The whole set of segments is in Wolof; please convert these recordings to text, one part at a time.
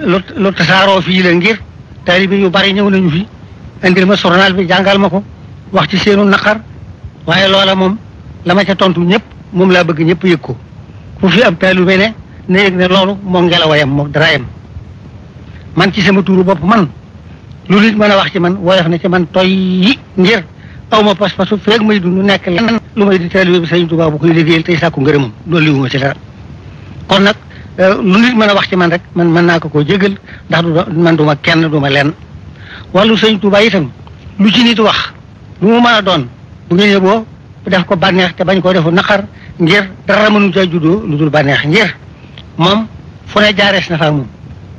lu lu tasaaroo fii la ngir taalibe yu bari ñëw nañu fi indil ma journal bi jàngal ma ko wax ci seenu naqar waaye loola moom la ma ca tontu ñëpp moom laa bëgg ñëpp yëg ko fu fi am taalibe ne na yëg ne loolu moo ngelawayam moo dara yam man ci sama tuuru bopp man lu nit mën a wax ci man woyof na ci man toy yi ngir aw ma pas-pasu feeg may dund nekk lenn lu may di taalibe bi Sëriñ Tuubaa bu koy liggéeyal tey sàkku ngërëmam dolliwuma ci dara ko nag Euh, lu nit mën a wax ci man rek man mën naa ko koo jégal ndax du man du kenn du ma lenn wàllu sëñ Tuubaa itam lu ci nit wax lu mu mën a doon bu ngeen yóbboo def ko bànneex te bañ koo defu naqar ngir dara mënu ca juddoo lu dul bànneex ngir moom fu ne jaarees na fa moom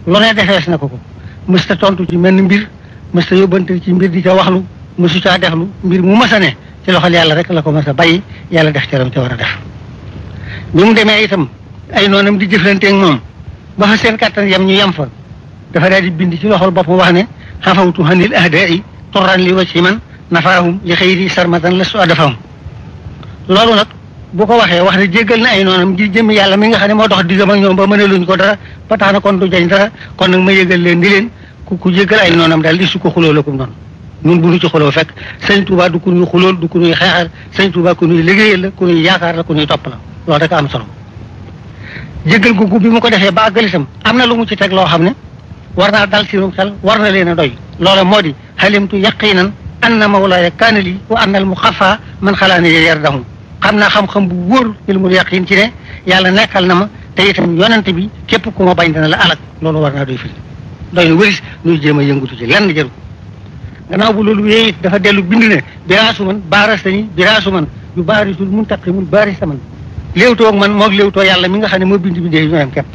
lu ne defees na ko ko mësta tontu ci menn mbir mësta yóbbante ci mbir di ca waxlu mësu caa deflu mbir mu mës ne ci loxol yàlla rek la ko mës a bàyyi yàlla def ca ram ca war a def ay noonam di jëflanteeg moom ba fa seen kàttan yam ñu yam fa dafa di bind ci loxol boppam wax ne xafawtu hanil ahdaai turran li wacci man nafaahum li xëyri sarmatan la su adafahum loolu nag bu ko waxee wax ne jéggal na ay noonam di jëm yàlla mi nga xam ne moo dox diggam ak ñoom ba mënaluñ ko dara kon du nag ma yëgal leen di leen ku ku jéggal ay noonam daal di su ko xuloo lakum noonu ñun bu ñu fekk sëñ Touba du ku ñuy xulool du ku ñuy xeexal sëñ Touba ku ñuy liggéeyal la ku ñuy yaakaar la ku ñuy topp la loolu rek am solo jéggal googu bi mu ko defee ba àggali itam am na lu mu ci teg loo xam ne war naa dal sinu xel war na leen a doy loola moo di xalimtu yaqinan anna mawlaaya kaana lii wa anna al muxafa man xalaa xalaane yardahu xam naa xam-xam bu wóor ilmul yaqin ci ne yàlla nekkal na ma tey itam yonent bi képp ku ma bañ dana la alak loolu war naa doy fii doy na wëris nuy jéem a yëngatu ci lenn jëru gannaaw bu loolu yéeyit dafa dellu bind ne biraasu man baarastañi biraasu man yu baarisul muntaqimun baaristaman léew ak man moo ak léewtoo yàlla mi nga xam ne moo bind bindee ñoo yam képp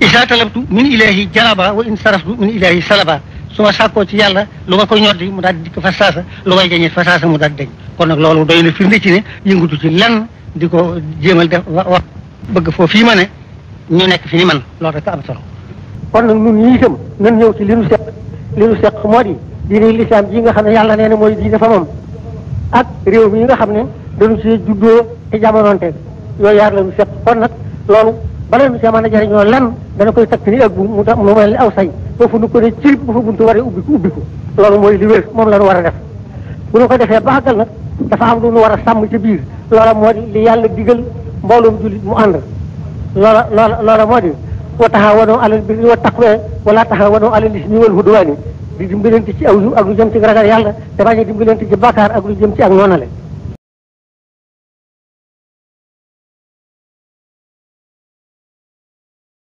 isa talabtu min ilahi jalaba wa in saraftu min ilahi salaba su ma sàkkoo ci yàlla lu ma ko ñoddi mu daal di dikk fa saasa lu may jañee fa saasa mu daal di kon nag loolu doy na firnde ci ne yëngatu ci lenn di ko jéemal def wax bëgg foofu fii ma ne ñu nekk fi ni man loolu rek am solo kon nag nun ñii itam ñëw ci li nu seq li nu seq moo di diine ji nga xam ne yàlla nee na mooy diine fa moom ak réew mi nga dañu see juddoo te jamonoonte yooyu yaar la ñu seq kon nag loolu bala ñu see mën a jëriñoo lan dana koy takk ni ak bu mu mu mel ni aw say foofu nu ko ne cirib bu fa buntu waree ubbi ko loolu mooy li wér moom la ñu war a def bu ñu ko defee ba àggal nag dafa am lu ñu war a sàmm ci biir loola moo di li yàlla digal mbooloom jullit mu ànd loola loola loola moo di wa taxawanoo alal birri wa taqwa wala taxawanoo alal ismi wal hudwaani di dimbalante ci aw yu ak lu jëm ci ragal yàlla te bañ a dimbalante ci bàkkaar ak lu jëm ci ak noonale